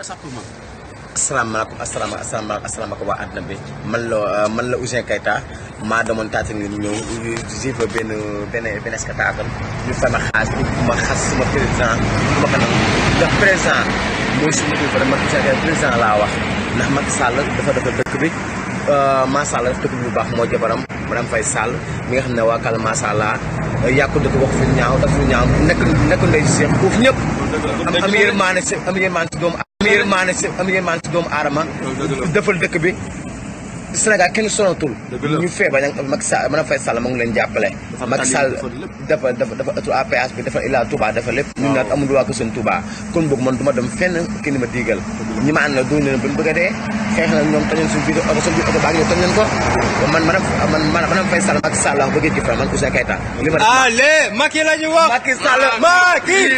assalamualaikum asalaamaaleykum asalaamaaleykum asalaamaaleykum waa àddina bi man la man la Ouzin Keita maa demoon taati ni ñëw jëf benn benn benn spectacle ñu fay ma xaas bi ma xas sama président bu ma ko nangu ndax président mooy suñu kii vraiment président wax ndax Macky Sall dafa dafa dëkk bi macha allah dëkk bi bu baax jabaram mi nga wax fi ñaaw ñaaw am am am yërmaane si am yërmaane si defal dëkk bi Sénégal kenn sonatul ñu feebar nag Macky Sall fay Sall mu ngi leen jàppale Macky Sall dafa dafa dafa ëttu APS bi dafa illaa Touba dafa lépp ñun naan amul waa ko seen Touba kon boog man du dem fenn kenn ma diigal ñi ma ànd na duñ leen bëgg a dee na ñoom tañoon suñu biir ko man man man man fay wax fa man allez Macky la wax